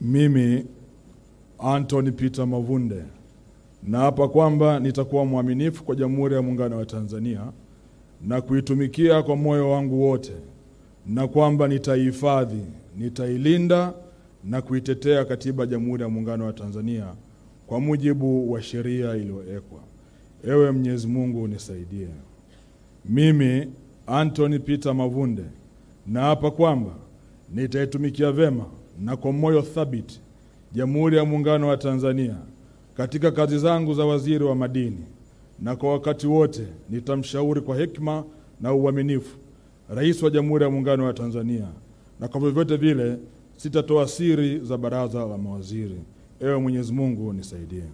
Mimi Anthony Peter Mavunde naapa kwamba nitakuwa mwaminifu kwa Jamhuri ya Muungano wa Tanzania na kuitumikia kwa moyo wangu wote, na kwamba nitaihifadhi, nitailinda na kuitetea Katiba ya Jamhuri ya Muungano wa Tanzania kwa mujibu wa sheria iliyowekwa. Ewe Mwenyezi Mungu unisaidie. Mimi Anthony Peter Mavunde naapa kwamba nitaitumikia vema na kwa moyo thabiti Jamhuri ya Muungano wa Tanzania katika kazi zangu za waziri wa madini, na kwa wakati wote nitamshauri kwa hekima na uaminifu Rais wa Jamhuri ya Muungano wa Tanzania, na kwa vyovyote vile sitatoa siri za baraza la mawaziri. Ewe Mwenyezi Mungu nisaidie.